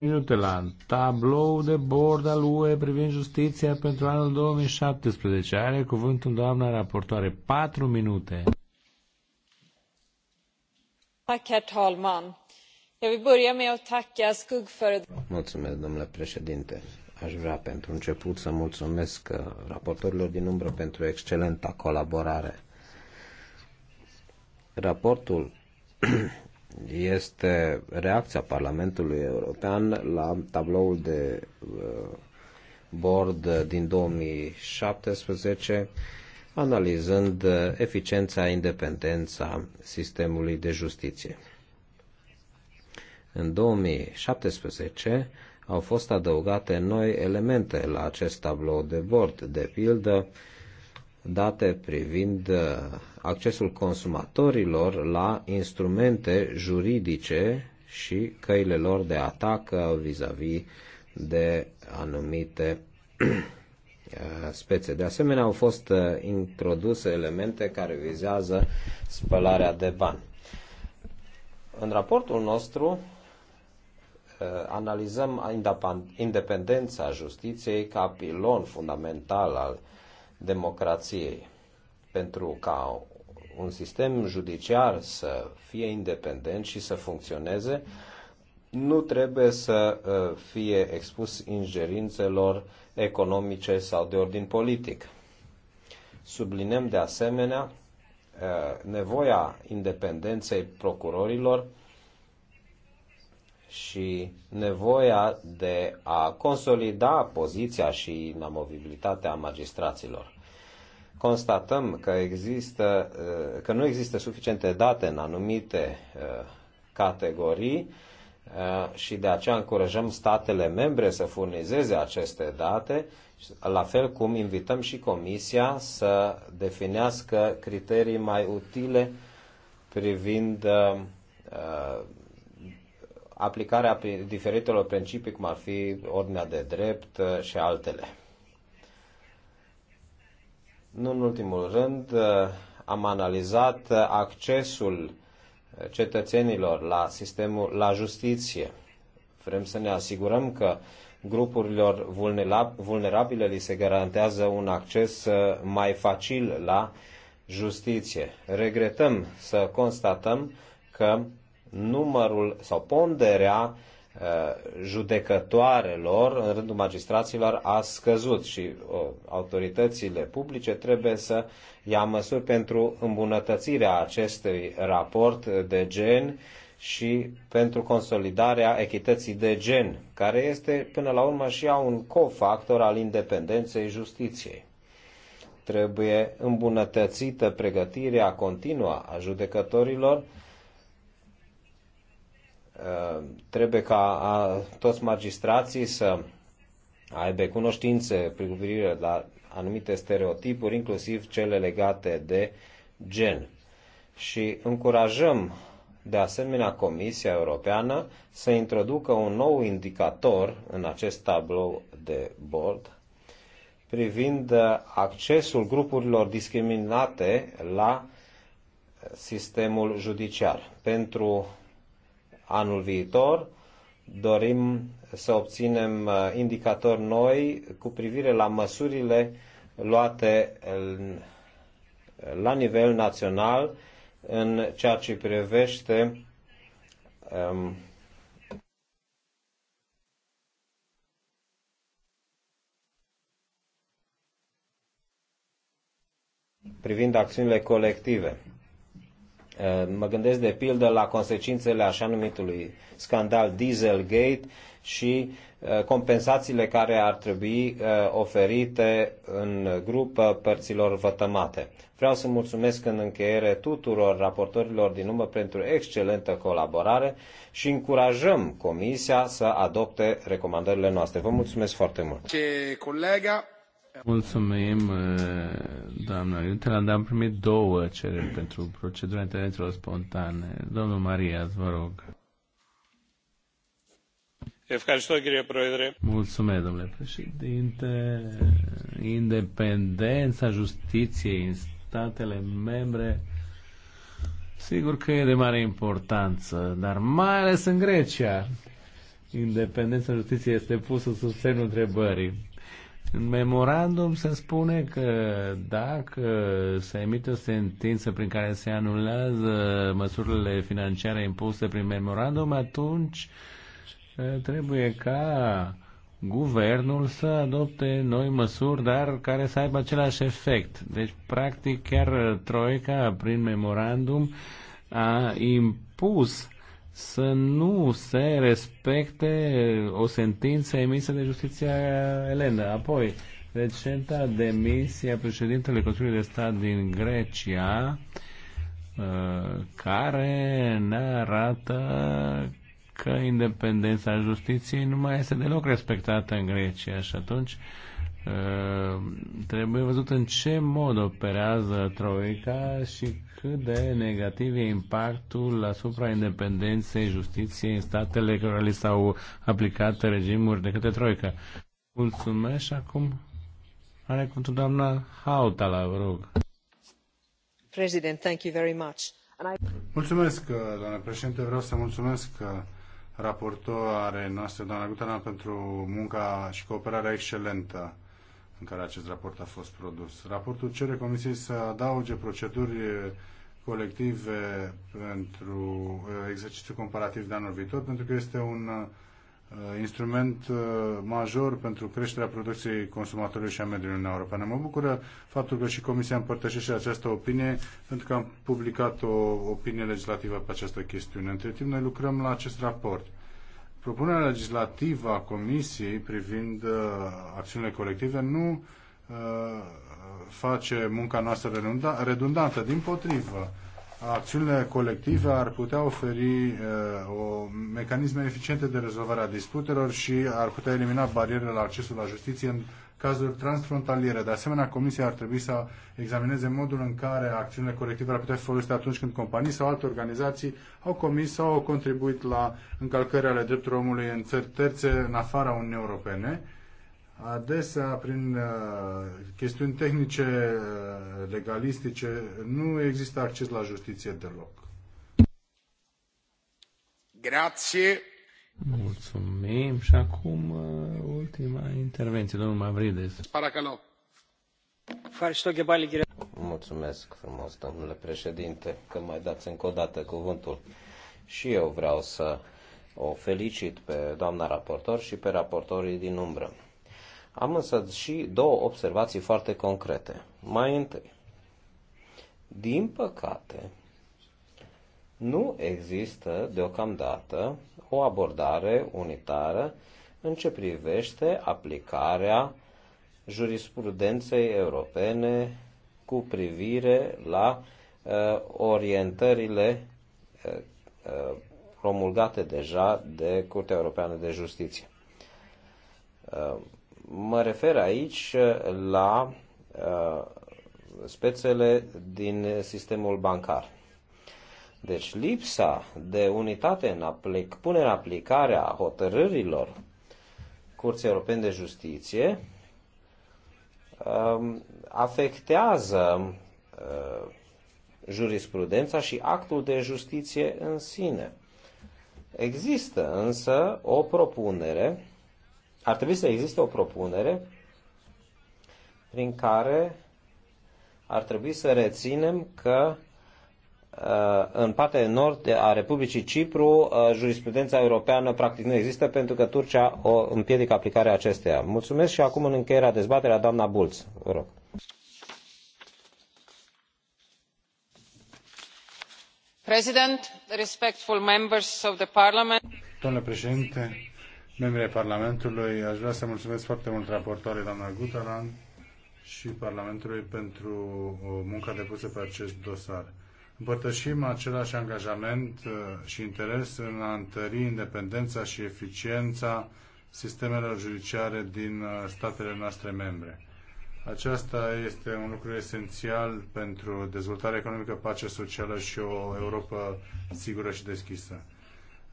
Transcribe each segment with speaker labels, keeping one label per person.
Speaker 1: minute la tablou de bord al UE privind justiția pentru anul 2017. Are cuvântul doamna raportoare. 4 minute.
Speaker 2: Mulțumesc, domnule președinte. Aș vrea pentru început să mulțumesc uh, raportorilor din umbră pentru excelenta colaborare. Raportul este reacția Parlamentului European la tabloul de uh, bord din 2017, analizând eficiența, independența sistemului de justiție. În 2017 au fost adăugate noi elemente la acest tablou de bord, de pildă date privind uh, accesul consumatorilor la instrumente juridice și căile lor de atac uh, vis-a-vis -vis de anumite uh, spețe. De asemenea, au fost introduse elemente care vizează spălarea de bani. În raportul nostru analizăm independența justiției ca pilon fundamental al democrației. Pentru ca un sistem judiciar să fie independent și să funcționeze, nu trebuie să uh, fie expus ingerințelor economice sau de ordin politic. Sublinem de asemenea uh, nevoia independenței procurorilor și nevoia de a consolida poziția și inamovibilitatea magistraților. Constatăm că, există, uh, că nu există suficiente date în anumite uh, categorii uh, și de aceea încurajăm statele membre să furnizeze aceste date, la fel cum invităm și Comisia să definească criterii mai utile privind aplicarea diferitelor principii, cum ar fi ordinea de drept uh, și altele. Nu în ultimul rând, uh, am analizat uh, accesul cetățenilor la sistemul, la justiție. Vrem să ne asigurăm că grupurilor vulnerabile li se garantează un acces mai facil la justiție. Regretăm să constatăm că numărul sau ponderea uh, judecătoarelor în rândul magistraților a scăzut și uh, autoritățile publice trebuie să ia măsuri pentru îmbunătățirea acestui raport de gen și pentru consolidarea echității de gen, care este până la urmă și ea un cofactor al independenței justiției. Trebuie îmbunătățită pregătirea continuă a judecătorilor Uh, trebuie ca a, toți magistrații să aibă cunoștințe cu privire la anumite stereotipuri, inclusiv cele legate de gen. Și încurajăm de asemenea Comisia Europeană să introducă un nou indicator în acest tablou de bord privind uh, accesul grupurilor discriminate la sistemul judiciar pentru anul viitor. Dorim să obținem uh, indicatori noi cu privire la măsurile luate uh, la nivel național în ceea ce privește um, privind acțiunile colective. Uh, mă gândesc de pildă la consecințele așa numitului scandal Dieselgate și uh, compensațiile care ar trebui uh, oferite în grup părților vătămate. Vreau să mulțumesc în încheiere tuturor raportorilor din umă pentru excelentă colaborare și încurajăm Comisia să adopte recomandările noastre. Vă mulțumesc foarte mult! Ce colega!
Speaker 1: Mulțumim, eh, doamna Iuteland. Am primit două cereri pentru procedura intervențiilor spontane. Domnul Maria, vă rog. Mulțumesc, domnule președinte. Independența justiției în statele membre sigur că e de mare importanță, dar mai ales în Grecia. Independența justiției este pusă sub semnul întrebării în memorandum se spune că dacă se emite o sentință prin care se anulează măsurile financiare impuse prin memorandum, atunci trebuie ca guvernul să adopte noi măsuri, dar care să aibă același efect. Deci, practic, chiar Troica, prin memorandum, a impus să nu se respecte o sentință emisă de justiția elenă. Apoi, recenta demisie a președintelui Consiliului de Stat din Grecia, uh, care ne arată că independența justiției nu mai este deloc respectată în Grecia și atunci uh, trebuie văzut în ce mod operează Troica și cât de negativ e impactul asupra independenței justiției în statele care li s-au aplicat regimuri de către Troică. Mulțumesc și acum are cuvântul doamna la vă rog.
Speaker 2: President, thank you very much. And I...
Speaker 3: Mulțumesc, doamna președinte. Vreau să mulțumesc raportoare noastră, doamna Gutana, pentru munca și cooperarea excelentă în care acest raport a fost produs. Raportul cere Comisiei să adauge proceduri colective pentru uh, exercițiul comparativ de anul viitor, pentru că este un uh, instrument uh, major pentru creșterea producției consumatorilor și a mediului în Europa. Mă bucură faptul că și Comisia împărtășește această opinie, pentru că am publicat o opinie legislativă pe această chestiune. Între timp, noi lucrăm la acest raport propunerea legislativă a Comisiei privind uh, acțiunile colective nu uh, face munca noastră redundantă. Din potrivă, acțiunile colective ar putea oferi uh, o mecanisme eficiente de rezolvare a disputelor și ar putea elimina barierele la accesul la justiție în cazuri transfrontaliere. De asemenea, Comisia ar trebui să examineze modul în care acțiunile colective ar putea fi folosite atunci când companii sau alte organizații au comis sau au contribuit la încălcări ale drepturilor omului în țări terțe în afara Uniunii Europene adesea prin uh, chestiuni tehnice uh, legalistice nu există acces la justiție deloc. Grazie.
Speaker 1: Mulțumim. Și acum uh, ultima intervenție, domnul Mavrides.
Speaker 2: Paracalo. Mulțumesc frumos, domnule președinte, că mai dați încă o dată cuvântul. Și eu vreau să o felicit pe doamna raportor și pe raportorii din umbră. Am însă și două observații foarte concrete. Mai întâi, din păcate, nu există deocamdată o abordare unitară în ce privește aplicarea jurisprudenței europene cu privire la uh, orientările uh, uh, promulgate deja de Curtea Europeană de Justiție. Uh, mă refer aici la uh, spețele din sistemul bancar. Deci lipsa de unitate în aplic, pune în aplicare a hotărârilor Curții Europene de Justiție um, afectează uh, jurisprudența și actul de justiție în sine. Există însă o propunere, ar trebui să existe o propunere prin care ar trebui să reținem că Uh, în partea de nord a Republicii Cipru, uh, jurisprudența europeană practic nu există pentru că Turcia o împiedică aplicarea acesteia. Mulțumesc și acum în încheierea dezbaterea, doamna Bulț. Vă rog. President, respectful members of the parliament.
Speaker 3: Domnule președinte, membrii Parlamentului, aș vrea să mulțumesc foarte mult raportoarei doamna Gutaran și Parlamentului pentru munca depusă pe acest dosar. Împărtășim același angajament uh, și interes în a întări independența și eficiența sistemelor judiciare din uh, statele noastre membre. Aceasta este un lucru esențial pentru dezvoltarea economică, pacea socială și o Europa sigură și deschisă.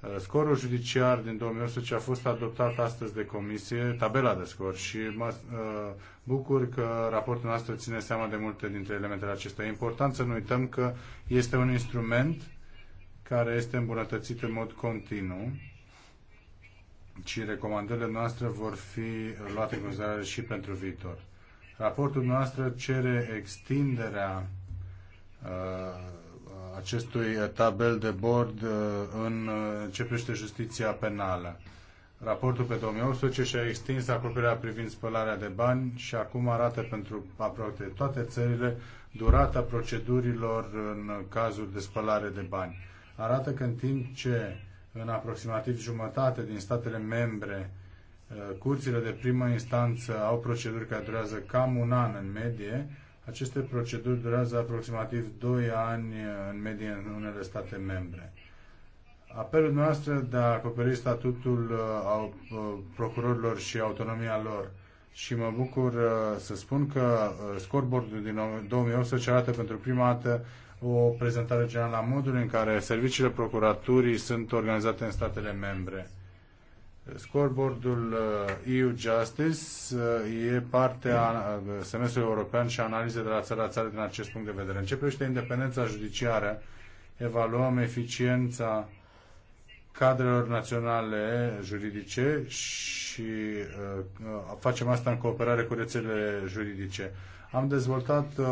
Speaker 3: Uh, scorul judiciar din 2018 a fost adoptat astăzi de comisie, tabela de scor, și mă uh, bucur că raportul nostru ține seama de multe dintre elementele acestea. E important să nu uităm că este un instrument care este îmbunătățit în mod continuu și recomandările noastre vor fi luate în considerare și pentru viitor. Raportul nostru cere extinderea uh, acestui tabel de bord uh, în uh, ce privește justiția penală. Raportul pe 2018 și-a extins apropierea privind spălarea de bani și acum arată pentru aproape toate țările durata procedurilor în cazuri de spălare de bani. Arată că în timp ce în aproximativ jumătate din statele membre uh, curțile de primă instanță au proceduri care durează cam un an în medie, aceste proceduri durează aproximativ 2 ani eh, în medie în unele state membre. Apelul noastră de a acoperi statutul eh, eh, procurorilor și autonomia lor și mă bucur să spun că scoreboardul din 2018 arată pentru prima dată o prezentare generală a modului în care serviciile procuraturii sunt organizate în statele membre. Scoreboardul uh, EU Justice uh, e parte a uh, semestrului european și analize de la țară la țară din acest punct de vedere. În ce privește independența judiciară, evaluăm eficiența cadrelor naționale juridice și facem asta în cooperare cu rețelele juridice am dezvoltat uh,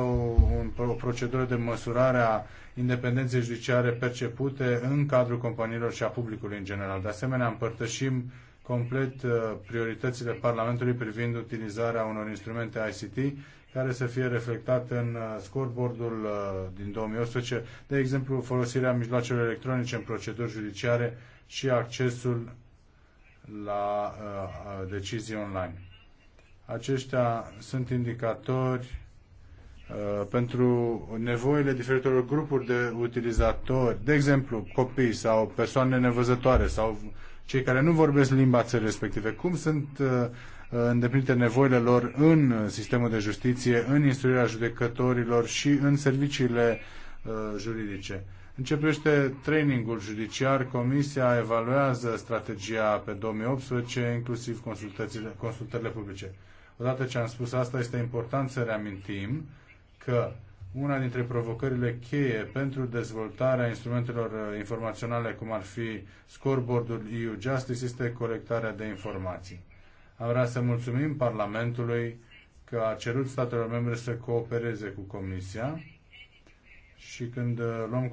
Speaker 3: o, o procedură de măsurare a independenței judiciare percepute în cadrul companiilor și a publicului în general. De asemenea, împărtășim complet uh, prioritățile Parlamentului privind utilizarea unor instrumente ICT care să fie reflectat în uh, scoreboardul din 2018, de exemplu folosirea mijloacelor electronice în proceduri judiciare și accesul la decizii online. Aceștia sunt indicatori uh, pentru nevoile diferitelor grupuri de utilizatori, de exemplu copii sau persoane nevăzătoare sau cei care nu vorbesc limba țării respective, cum sunt uh, îndeplinite nevoile lor în sistemul de justiție, în instruirea judecătorilor și în serviciile uh, juridice. Începește trainingul judiciar, Comisia evaluează strategia pe 2018, inclusiv consultările publice. Odată ce am spus asta, este important să reamintim că una dintre provocările cheie pentru dezvoltarea instrumentelor uh, informaționale, cum ar fi scoreboardul EU Justice, este colectarea de informații. Am vrea să mulțumim Parlamentului că a cerut statelor membre să coopereze cu Comisia și când uh, luăm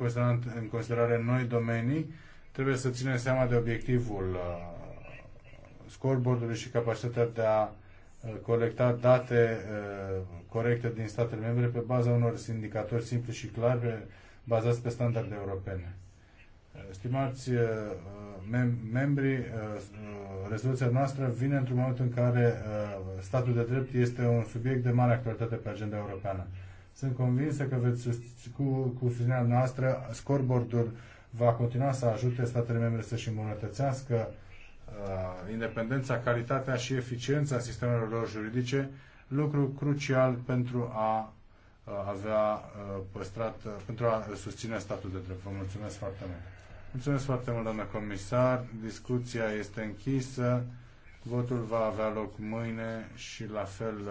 Speaker 3: în considerare noi domenii, trebuie să ținem seama de obiectivul uh, scoreboardului și capacitatea de a uh, colecta date corecte din statele membre pe baza unor indicatori simpli și clare bazați pe standarde europene. Stimați membri, rezoluția noastră vine într-un moment în care statul de drept este un subiect de mare actualitate pe agenda europeană. Sunt convinsă că veți, cu, cu susținerea noastră, scoreboard-ul va continua să ajute statele membre să-și îmbunătățească uh, independența, calitatea și eficiența sistemelor lor juridice, lucru crucial pentru a uh, avea uh, păstrat, uh, pentru a susține statul de drept. Vă mulțumesc foarte mult. Mulțumesc foarte mult, doamnă comisar. Discuția este închisă. Votul va avea loc mâine și la fel